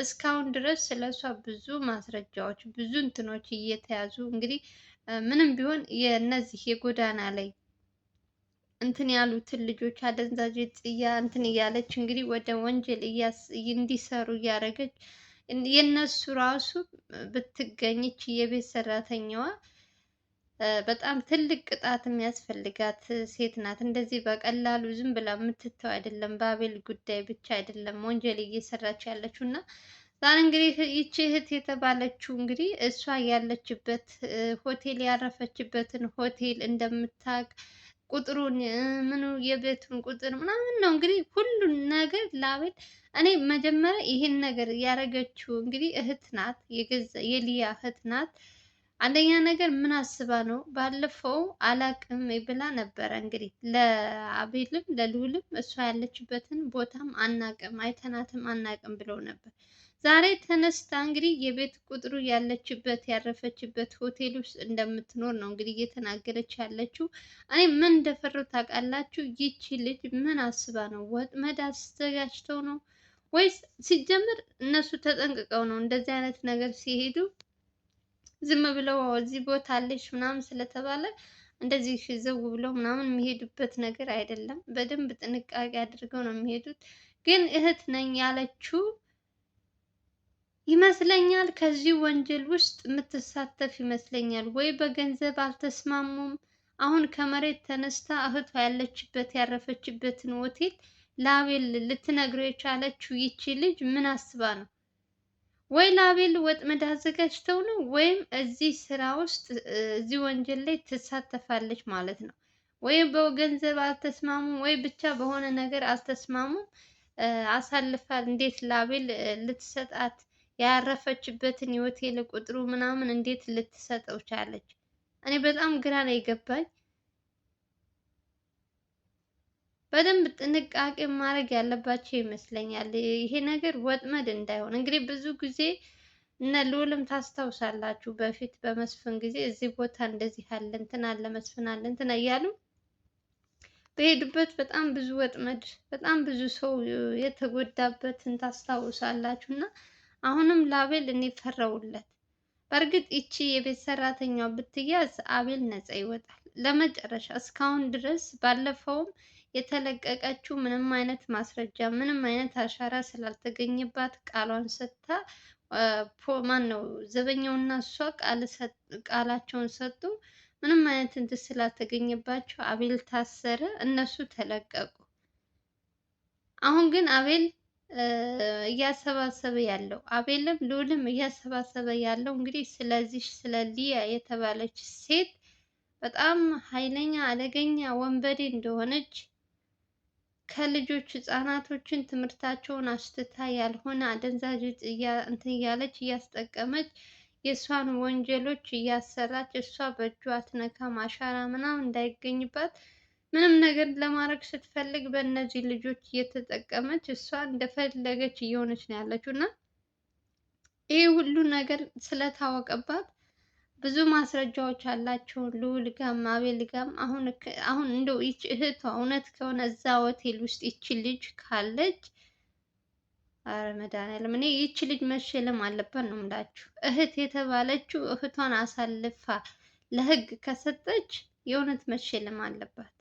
እስካሁን ድረስ ስለ እሷ ብዙ ማስረጃዎች ብዙ እንትኖች እየተያዙ እንግዲህ ምንም ቢሆን የእነዚህ የጎዳና ላይ እንትን ያሉትን ልጆች አደንዛዥ ጽያ እንትን እያለች እንግዲህ ወደ ወንጀል እንዲሰሩ እያደረገች የእነሱ ራሱ ብትገኝች የቤት ሰራተኛዋ በጣም ትልቅ ቅጣት የሚያስፈልጋት ሴት ናት። እንደዚህ በቀላሉ ዝም ብላ የምትተው አይደለም። በአቤል ጉዳይ ብቻ አይደለም ወንጀል እየሰራች ያለችው እና ዛሬ እንግዲህ ይቺ እህት የተባለችው እንግዲህ እሷ ያለችበት ሆቴል ያረፈችበትን ሆቴል እንደምታውቅ ቁጥሩን ምኑ የቤቱን ቁጥር ምናምን ነው እንግዲህ ሁሉን ነገር ለአቤል እኔ መጀመሪያ ይሄን ነገር ያደረገችው እንግዲህ እህት ናት፣ የገዛ የሊያ እህት ናት። አንደኛ ነገር ምን አስባ ነው? ባለፈው አላቅም ብላ ነበረ። እንግዲህ ለአቤልም ለልውልም እሷ ያለችበትን ቦታም አናቅም አይተናትም አናቅም ብለው ነበር። ዛሬ ተነስታ እንግዲህ የቤት ቁጥሩ ያለችበት ያረፈችበት ሆቴል ውስጥ እንደምትኖር ነው እንግዲህ እየተናገረች ያለችው። እኔ ምን እንደፈረው ታውቃላችሁ? ይቺ ልጅ ምን አስባ ነው? ወጥመድ አዘጋጅተው ነው ወይስ ሲጀምር እነሱ ተጠንቅቀው ነው እንደዚህ አይነት ነገር ሲሄዱ ዝም ብለው እዚህ ቦታ አለሽ ምናምን ስለተባለ እንደዚህ ዘው ብለው ምናምን የሚሄዱበት ነገር አይደለም። በደንብ ጥንቃቄ አድርገው ነው የሚሄዱት። ግን እህት ነኝ ያለችው ይመስለኛል ከዚህ ወንጀል ውስጥ የምትሳተፍ ይመስለኛል። ወይ በገንዘብ አልተስማሙም። አሁን ከመሬት ተነስታ እህቷ ያለችበት ያረፈችበትን ሆቴል ለአቤል ልትነግረው የቻለችው ይቺ ልጅ ምን አስባ ነው? ወይ ለአቤል ወጥመድ አዘጋጅተው ነው ወይም እዚህ ስራ ውስጥ እዚህ ወንጀል ላይ ትሳተፋለች ማለት ነው። ወይም በገንዘብ አልተስማሙም፣ ወይ ብቻ በሆነ ነገር አልተስማሙም። አሳልፋል እንዴት ለአቤል ልትሰጣት ያረፈችበትን የሆቴል ቁጥሩ ምናምን እንዴት ልትሰጠው ቻለች? እኔ በጣም ግራ ነው የገባኝ። በደንብ ጥንቃቄ ማድረግ ያለባቸው ይመስለኛል። ይሄ ነገር ወጥመድ እንዳይሆን እንግዲህ ብዙ ጊዜ እነ ልዑልም ታስታውሳላችሁ በፊት በመስፍን ጊዜ እዚህ ቦታ እንደዚህ አለ እንትን አለ መስፍን አለ እንትን እያሉ በሄዱበት በጣም ብዙ ወጥመድ በጣም ብዙ ሰው የተጎዳበትን ታስታውሳላችሁ። እና አሁንም ለአቤል እኔ ፈረውለት። በእርግጥ ይቺ የቤት ሰራተኛው ብትያዝ አቤል ነፃ ይወጣል ለመጨረሻ። እስካሁን ድረስ ባለፈውም የተለቀቀችው ምንም አይነት ማስረጃ ምንም አይነት አሻራ ስላልተገኘባት ቃሏን ሰጥታ ማን ነው እና እሷ ቃላቸውን ሰጡ። ምንም አይነት እንትን ስላልተገኘባቸው አቤል ታሰረ፣ እነሱ ተለቀቁ። አሁን ግን አቤል እያሰባሰበ ያለው አቤልም ልዑልም እያሰባሰበ ያለው እንግዲህ ስለዚህ ስለ ሊያ የተባለች ሴት በጣም ኃይለኛ አደገኛ ወንበዴ እንደሆነች ከልጆች ህጻናቶችን ትምህርታቸውን አስጥታ ያልሆነ አደንዛዥ እንትን እያለች እያስጠቀመች የእሷን ወንጀሎች እያሰራች እሷ በእጇ አትነካም አሻራ ምናምን እንዳይገኝባት ምንም ነገር ለማድረግ ስትፈልግ በእነዚህ ልጆች እየተጠቀመች እሷ እንደፈለገች እየሆነች ነው ያለችው እና ይህ ሁሉ ነገር ስለታወቀባት ብዙ ማስረጃዎች አላቸው። ልዑል ጋም አቤል ጋም አሁን አሁን እንደው ይች እህቷ እውነት ከሆነ እዛ ሆቴል ውስጥ ይቺ ልጅ ካለች፣ ኧረ መድኃኒዓለም እኔ ይቺ ልጅ መሸለም አለባት ነው የምላችሁ። እህት የተባለችው እህቷን አሳልፋ ለህግ ከሰጠች የእውነት መሸለም አለባት።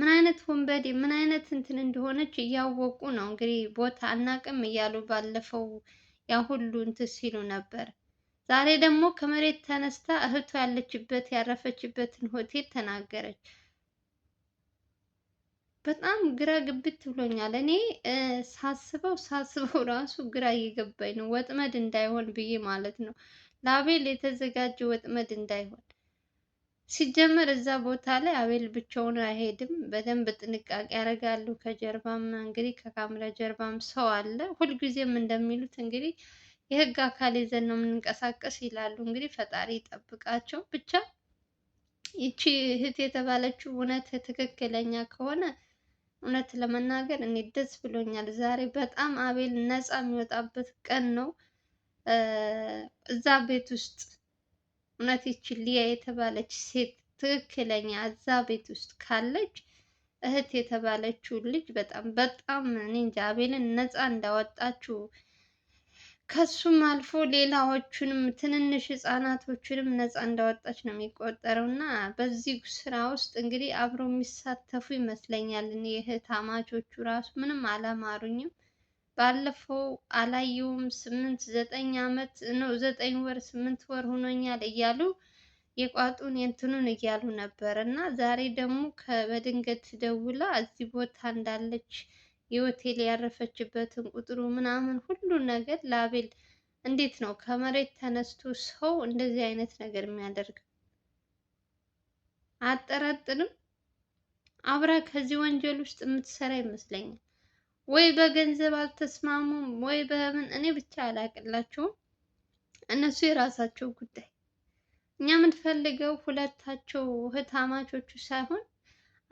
ምን አይነት ወንበዴ ምን አይነት እንትን እንደሆነች እያወቁ ነው እንግዲህ ቦታ አናቅም እያሉ ባለፈው ያ ሁሉ እንትን ሲሉ ነበር። ዛሬ ደግሞ ከመሬት ተነስታ እህቷ ያለችበት ያረፈችበትን ሆቴል ተናገረች። በጣም ግራ ግብት ብሎኛል። እኔ ሳስበው ሳስበው ራሱ ግራ እየገባኝ ነው። ወጥመድ እንዳይሆን ብዬ ማለት ነው። ለአቤል የተዘጋጀ ወጥመድ እንዳይሆን። ሲጀመር እዛ ቦታ ላይ አቤል ብቻውን አይሄድም። በደንብ ጥንቃቄ ያደርጋሉ። ከጀርባም እንግዲህ ከካሜራ ጀርባም ሰው አለ። ሁልጊዜም እንደሚሉት እንግዲህ የህግ አካል ይዘን ነው የምንንቀሳቀስ ይላሉ። እንግዲህ ፈጣሪ ይጠብቃቸው ብቻ። ይቺ እህት የተባለችው እውነት ትክክለኛ ከሆነ እውነት ለመናገር እኔ ደስ ብሎኛል። ዛሬ በጣም አቤል ነፃ የሚወጣበት ቀን ነው። እዛ ቤት ውስጥ እውነት ይቺ ሊያ የተባለች ሴት ትክክለኛ እዛ ቤት ውስጥ ካለች እህት የተባለችው ልጅ በጣም በጣም እኔ እንጃ አቤልን ነፃ እንዳወጣችው ከሱም አልፎ ሌላዎቹንም ትንንሽ ህጻናቶችንም ነፃ እንዳወጣች ነው የሚቆጠረው እና በዚህ ስራ ውስጥ እንግዲህ አብረው የሚሳተፉ ይመስለኛል። እኔ እህትማማቾቹ ራሱ ምንም አላማሩኝም። ባለፈው አላየውም ስምንት ዘጠኝ አመት ነው ዘጠኝ ወር ስምንት ወር ሆኖኛል እያሉ የቋጡን የንትኑን እያሉ ነበር እና ዛሬ ደግሞ በድንገት ደውላ እዚህ ቦታ እንዳለች የሆቴል ያረፈችበትን ቁጥሩ ምናምን ሁሉን ነገር ለአቤል እንዴት ነው ከመሬት ተነስቶ ሰው እንደዚህ አይነት ነገር የሚያደርግ? አጠራጥርም። አብራ ከዚህ ወንጀል ውስጥ የምትሰራ ይመስለኛል። ወይ በገንዘብ አልተስማሙም፣ ወይ በምን እኔ ብቻ አላቅላቸውም። እነሱ የራሳቸው ጉዳይ። እኛ የምንፈልገው ሁለታቸው ህታማቾቹ ሳይሆን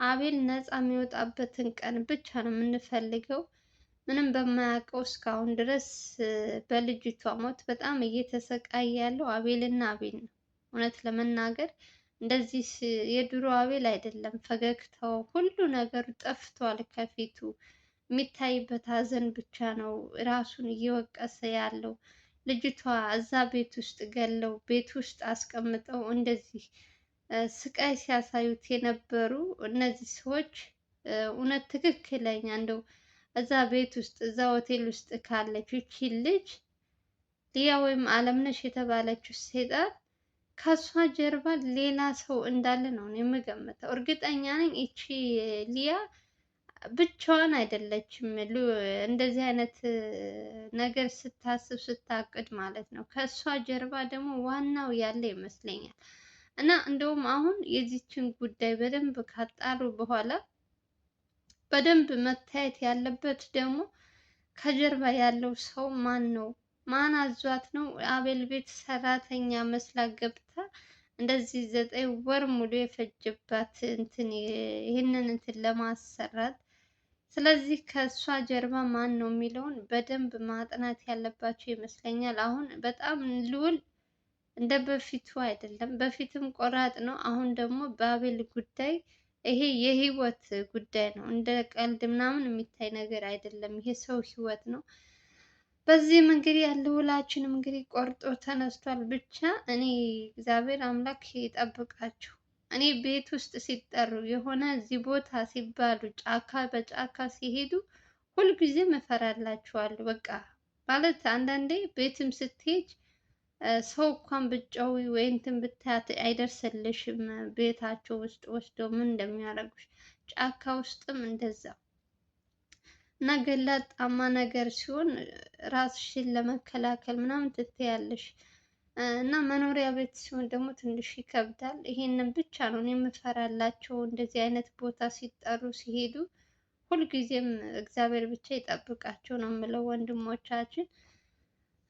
አቤል ነፃ የሚወጣበትን ቀን ብቻ ነው የምንፈልገው። ምንም በማያውቀው እስካሁን ድረስ በልጅቷ ሞት በጣም እየተሰቃየ ያለው አቤልና አቤል ነው። እውነት ለመናገር እንደዚህ የድሮ አቤል አይደለም። ፈገግታው፣ ሁሉ ነገሩ ጠፍቷል ከፊቱ የሚታይበት ሀዘን ብቻ ነው ራሱን እየወቀሰ ያለው። ልጅቷ እዛ ቤት ውስጥ ገለው ቤት ውስጥ አስቀምጠው እንደዚህ ስቃይ ሲያሳዩት የነበሩ እነዚህ ሰዎች እውነት ትክክለኛ እንደው እዛ ቤት ውስጥ እዛ ሆቴል ውስጥ ካለች ይቺ ልጅ ሊያ ወይም አለምነሽ የተባለችው ሴጣን ከእሷ ጀርባ ሌላ ሰው እንዳለ ነው የምገምተው። እርግጠኛ ነኝ ይቺ ሊያ ብቻዋን አይደለችም። እንደዚህ አይነት ነገር ስታስብ ስታቅድ ማለት ነው። ከእሷ ጀርባ ደግሞ ዋናው ያለ ይመስለኛል። እና እንደውም አሁን የዚችን ጉዳይ በደንብ ካጣሩ በኋላ በደንብ መታየት ያለበት ደግሞ ከጀርባ ያለው ሰው ማን ነው? ማን አዟት ነው አቤል ቤት ሰራተኛ መስላ ገብታ እንደዚህ ዘጠኝ ወር ሙሉ የፈጀባት እንትን ይህንን እንትን ለማሰራት። ስለዚህ ከእሷ ጀርባ ማን ነው የሚለውን በደንብ ማጥናት ያለባቸው ይመስለኛል። አሁን በጣም ልዑል እንደ በፊቱ አይደለም። በፊትም ቆራጥ ነው። አሁን ደግሞ በአቤል ጉዳይ ይሄ የህይወት ጉዳይ ነው። እንደ ቀልድ ምናምን የሚታይ ነገር አይደለም። ይሄ ሰው ህይወት ነው። በዚህም እንግዲህ ልዑላችንም እንግዲህ ቆርጦ ተነስቷል። ብቻ እኔ እግዚአብሔር አምላክ ይጠብቃችሁ። እኔ ቤት ውስጥ ሲጠሩ የሆነ እዚህ ቦታ ሲባሉ ጫካ በጫካ ሲሄዱ ሁልጊዜ እፈራላችኋለሁ። በቃ ማለት አንዳንዴ ቤትም ስትሄጅ ሰው እንኳን ብጫዊ ወይ እንትን ብታያት አይደርስልሽም። ቤታቸው ውስጥ ወስዶ ምን እንደሚያደርጉሽ ጫካ ውስጥም እንደዛ እና ገላጣማ ነገር ሲሆን ራስሽን ለመከላከል ምናምን ትትያለሽ እና መኖሪያ ቤት ሲሆን ደግሞ ትንሽ ይከብዳል። ይሄንን ብቻ ነው እኔ የምፈራላቸው። እንደዚህ አይነት ቦታ ሲጠሩ ሲሄዱ ሁልጊዜም እግዚአብሔር ብቻ ይጠብቃቸው ነው የምለው ወንድሞቻችን።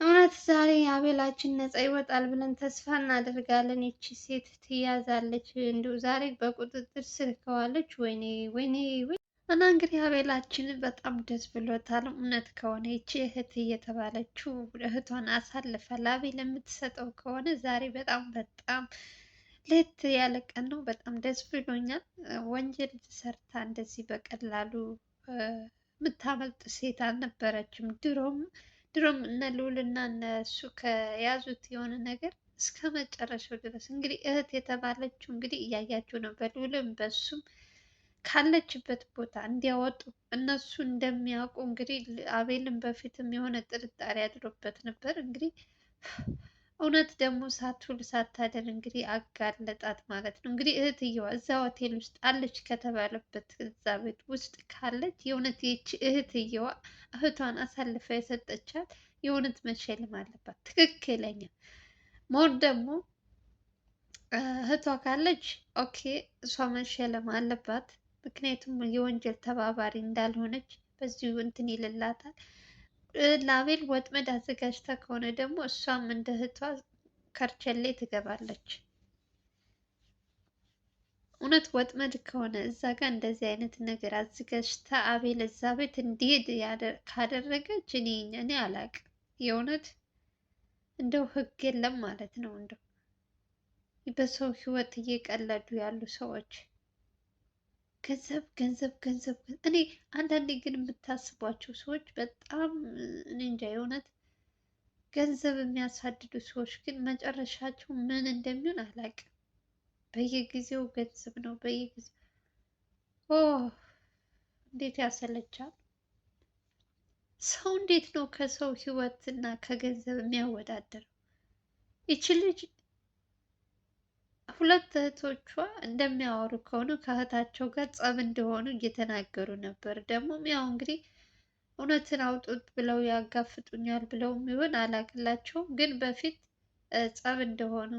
እውነት ዛሬ አቤላችን ነፃ ይወጣል ብለን ተስፋ እናደርጋለን። ይቺ ሴት ትያዛለች፣ እንዲሁ ዛሬ በቁጥጥር ስር ከዋለች፣ ወይኔ ወይኔ። እና እንግዲህ አቤላችን በጣም ደስ ብሎታል። እውነት ከሆነ ይቺ እህት እየተባለችው እህቷን አሳልፋ ለአቤል የምትሰጠው ከሆነ ዛሬ በጣም በጣም ሌት ያለ ቀን ነው። በጣም ደስ ብሎኛል። ወንጀል ሰርታ እንደዚህ በቀላሉ የምታመልጥ ሴት አልነበረችም ድሮም ድሮም እነ ልዑልና እነሱ ከያዙት የሆነ ነገር እስከ መጨረሻው ድረስ እንግዲህ እህት የተባለችው እንግዲህ እያያችሁ ነው። በልዑልም በሱም ካለችበት ቦታ እንዲያወጡ እነሱ እንደሚያውቁ እንግዲህ አቤልም በፊትም የሆነ ጥርጣሬ አድሮበት ነበር እንግዲህ እውነት ደግሞ ሳትውል ሳታደር እንግዲህ አጋለጣት ማለት ነው። እንግዲህ እህትየዋ እዛ ሆቴል ውስጥ አለች ከተባለበት እዛ ቤት ውስጥ ካለች የእውነት ይቺ እህትየዋ እህቷን አሳልፈ የሰጠቻት የእውነት መሸለም አለባት። ትክክለኛ ሞር ደግሞ እህቷ ካለች ኦኬ፣ እሷ መሸለም አለባት። ምክንያቱም የወንጀል ተባባሪ እንዳልሆነች በዚሁ እንትን ይልላታል። ለአቤል ወጥመድ አዘጋጅታ ከሆነ ደግሞ እሷም እንደ እህቷ ከርቸሌ ትገባለች። እውነት ወጥመድ ከሆነ እዛ ጋር እንደዚህ አይነት ነገር አዘጋጅታ አቤል እዛ ቤት እንዲሄድ ካደረገች እኔ እኔ አላቅም። የእውነት እንደው ህግ የለም ማለት ነው። እንደው በሰው ህይወት እየቀለዱ ያሉ ሰዎች ገንዘብ ገንዘብ ገንዘብ። እኔ አንዳንዴ ግን የምታስቧቸው ሰዎች በጣም እኔ እንጃ የእውነት ገንዘብ የሚያሳድዱ ሰዎች ግን መጨረሻቸው ምን እንደሚሆን አላውቅም። በየጊዜው ገንዘብ ነው በየጊዜው ኦ እንዴት ያሰለቻል። ሰው እንዴት ነው ከሰው ህይወት እና ከገንዘብ የሚያወዳደረው? ይች ልጅ ሁለት እህቶቿ እንደሚያወሩ ከሆነ ከእህታቸው ጋር ጸብ እንደሆኑ እየተናገሩ ነበር። ደግሞም ያው እንግዲህ እውነትን አውጡት ብለው ያጋፍጡኛል ብለው የሚሆን አላቅላቸውም። ግን በፊት ጸብ እንደሆኑ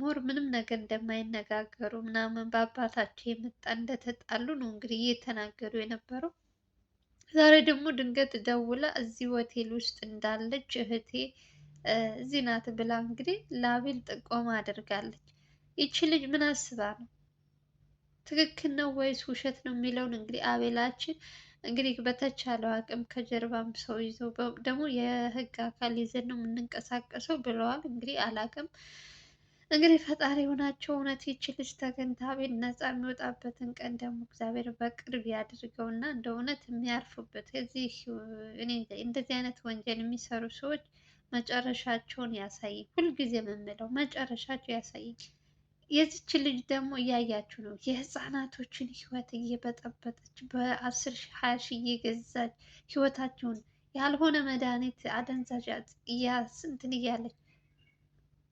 ሞር ምንም ነገር እንደማይነጋገሩ ምናምን በአባታቸው የመጣ እንደተጣሉ ነው እንግዲህ እየተናገሩ የነበረው። ዛሬ ደግሞ ድንገት ደውላ እዚህ ሆቴል ውስጥ እንዳለች እህቴ እዚህ ናት ብላ እንግዲህ ለአቤል ጥቆማ አድርጋለች። ይቺ ልጅ ምን አስባ ነው? ትክክል ነው ወይስ ውሸት ነው የሚለውን እንግዲህ አቤላችን እንግዲህ በተቻለው አቅም ከጀርባም ሰው ይዞ ደግሞ የህግ አካል ይዘን ነው የምንንቀሳቀሰው ብለዋል። እንግዲህ አላቅም እንግዲህ ፈጣሪ የሆናቸው እውነት ይቺ ልጅ ተገኝታ አቤል ነፃ የሚወጣበትን ቀን ደግሞ እግዚአብሔር በቅርብ ያድርገው እና እንደ እውነት የሚያርፉበት እዚህ እኔ እንደዚህ አይነት ወንጀል የሚሰሩ ሰዎች መጨረሻቸውን ያሳይ። ሁልጊዜ የምንለው መጨረሻቸው ያሳይ። የዚች ልጅ ደግሞ እያያችሁ ነው። የህፃናቶችን ህይወት እየበጠበጠች በአስር ሺህ ሀያ ሺህ እየገዛች ህይወታቸውን ያልሆነ መድኃኒት አደንዛዥ እንትን እያለች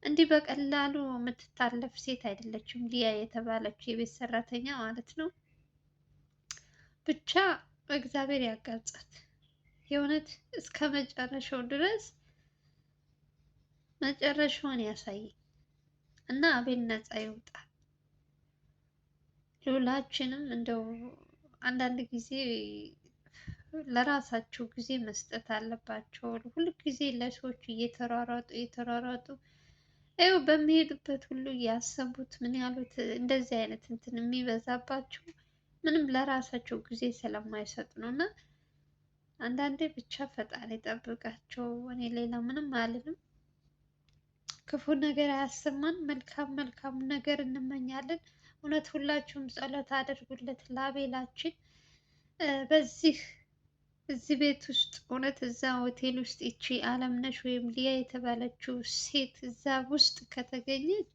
እንዲህ በቀላሉ የምትታለፍ ሴት አይደለችም። ሊያ የተባለችው የቤት ሰራተኛ ማለት ነው። ብቻ እግዚአብሔር ያጋልጻት የእውነት እስከ መጨረሻው ድረስ መጨረሻውን ያሳይ እና አቤል ነፃ ይውጣል። ሁላችንም እንደው አንዳንድ ጊዜ ለራሳቸው ጊዜ መስጠት አለባቸው። ሁል ጊዜ ለሰዎች እየተሯሯጡ እየተሯሯጡ ይኸው በሚሄዱበት ሁሉ ያሰቡት ምን ያሉት እንደዚህ አይነት እንትን የሚበዛባቸው ምንም ለራሳቸው ጊዜ ስለማይሰጥ ነው። እና አንዳንዴ ብቻ ፈጣሪ ጠብቃቸው። እኔ ሌላ ምንም አልልም። ክፉ ነገር አያሰማን፣ መልካም መልካም ነገር እንመኛለን። እውነት ሁላችሁም ጸሎት አድርጉለት ለአቤላችን። በዚህ እዚህ ቤት ውስጥ እውነት እዛ ሆቴል ውስጥ ይቺ አለምነሽ ወይም ሊያ የተባለችው ሴት እዛ ውስጥ ከተገኘች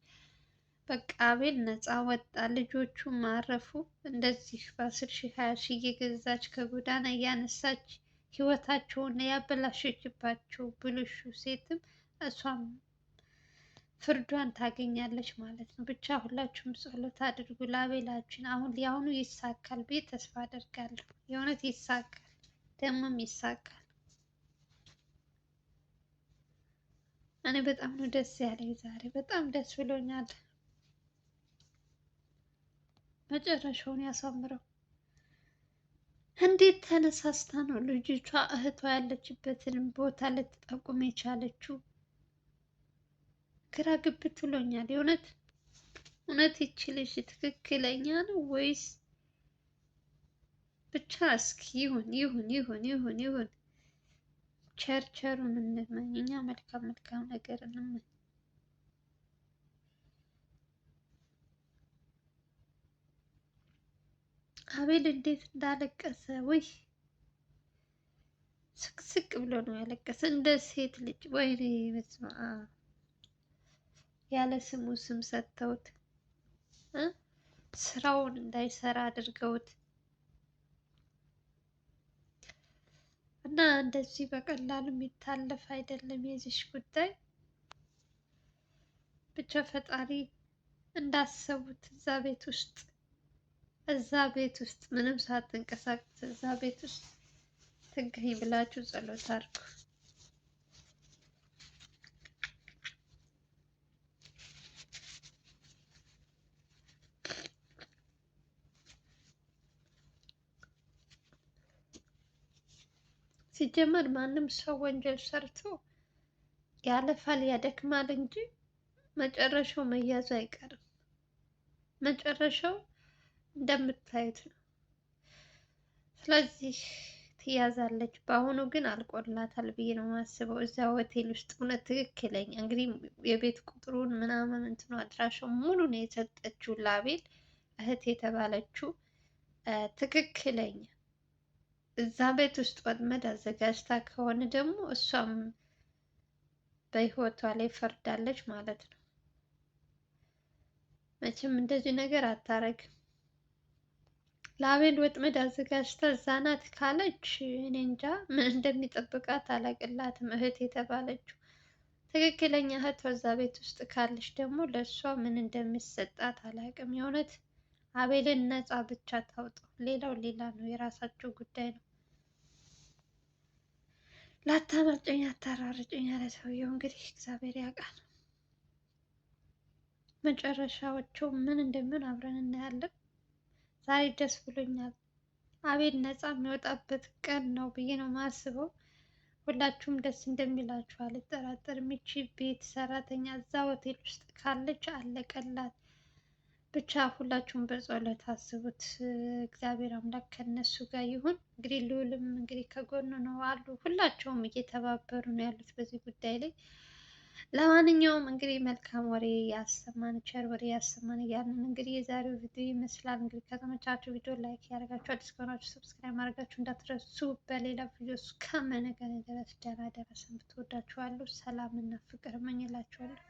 በቃ አቤል ነፃ ወጣ፣ ልጆቹ ማረፉ። እንደዚህ በአስር ሺህ ሀያ ሺህ እየገዛች ከጎዳና እያነሳች ህይወታቸውን ያበላሸችባቸው ብልሹ ሴትም እሷም ፍርዷን ታገኛለች ማለት ነው። ብቻ ሁላችሁም ጸሎት አድርጉ ላቤላችን አሁን ሊያሁኑ ይሳካል ብዬ ተስፋ አደርጋለሁ። የእውነት ይሳካል፣ ደግሞም ይሳካል። እኔ በጣም ነው ደስ ያለኝ ዛሬ፣ በጣም ደስ ብሎኛል። መጨረሻውን ያሳምረው። እንዴት ተነሳስታ ነው ልጅቷ እህቷ ያለችበትን ቦታ ልትጠቁም የቻለችው? ግራ ግብት ብሎኛል። የእውነት እውነት ይቺ ልጅ ትክክለኛ ነው ወይስ ብቻ እስኪ ይሁን ይሁን ይሁን ይሁን ይሁን። ቸርቸሩን እንመኝ እኛ መልካም መልካም ነገር እንመኝ። አቤል እንዴት እንዳለቀሰ ወይ ስቅስቅ ብሎ ነው ያለቀሰ እንደ ሴት ልጅ ወይኔ ወይ ያለ ስሙ ስም ሰጥተውት ስራውን እንዳይሰራ አድርገውት እና እንደዚህ በቀላሉ የሚታለፍ አይደለም የዚሽ ጉዳይ። ብቻ ፈጣሪ እንዳሰቡት እዛ ቤት ውስጥ እዛ ቤት ውስጥ ምንም ሳትንቀሳቀስ እዛ ቤት ውስጥ ትገኝ ብላችሁ ጸሎት አድርጉ። ሲጀመር ማንም ሰው ወንጀል ሰርቶ ያለፋል፣ ያደክማል እንጂ መጨረሻው መያዙ አይቀርም። መጨረሻው እንደምታዩት ነው። ስለዚህ ትያዛለች። በአሁኑ ግን አልቆላታል ብዬ ነው የማስበው። እዚያ ሆቴል ውስጥ እውነት ትክክለኛ እንግዲህ የቤት ቁጥሩን ምናምን እንትኑ አድራሻው ሙሉ ነው የሰጠችው ላቤል እህት የተባለችው ትክክለኛ እዛ ቤት ውስጥ ወጥመድ አዘጋጅታ ከሆነ ደግሞ እሷም በህይወቷ ላይ ፈርዳለች ማለት ነው። መቼም እንደዚህ ነገር አታረግም። ለአቤል ወጥመድ አዘጋጅታ እዛ ናት ካለች እኔ እንጃ ምን እንደሚጠብቃት አላቅላትም። እህት የተባለችው ትክክለኛ እህት በዛ ቤት ውስጥ ካለች ደግሞ ለእሷ ምን እንደሚሰጣት አላቅም የእውነት አቤልን ነፃ ብቻ ታውጣው። ሌላው ሌላ ነው፣ የራሳቸው ጉዳይ ነው። ላታመልጭኝ አታራርጭኝ ያለ ሰውየው እንግዲህ እግዚአብሔር ያውቃል። መጨረሻዎቸው ምን እንደሚሆን አብረን እናያለን። ዛሬ ደስ ብሎኛል። አቤል ነፃ የሚወጣበት ቀን ነው ብዬ ነው ማስበው። ሁላችሁም ደስ እንደሚላችሁ አልጠራጠርም። ይቺ ቤት ሰራተኛ እዛ ሆቴል ውስጥ ካለች አለቀላት። ብቻ ሁላችሁም በጸሎት አስቡት። እግዚአብሔር አምላክ ከነሱ ጋር ይሁን። እንግዲህ ልዑልም እንግዲህ ከጎኑ ነው አሉ። ሁላቸውም እየተባበሩ ነው ያሉት በዚህ ጉዳይ ላይ። ለማንኛውም እንግዲህ መልካም ወሬ ያሰማን፣ ቸር ወሬ ያሰማን እያልን እንግዲህ የዛሬው ቪዲዮ ይመስላል። እንግዲህ ከተመቻችሁ ቪዲዮ ላይክ ያደርጋችሁ፣ አዲስ ከሆናችሁ ሰብስክራይብ ማድረጋችሁ እንዳትረሱ። በሌላ ቪዲዮ እስከምንገናኝ ድረስ ደህና ደረሰን። ብትወዳችኋለሁ፣ ሰላምና ፍቅር እመኝላችኋለሁ።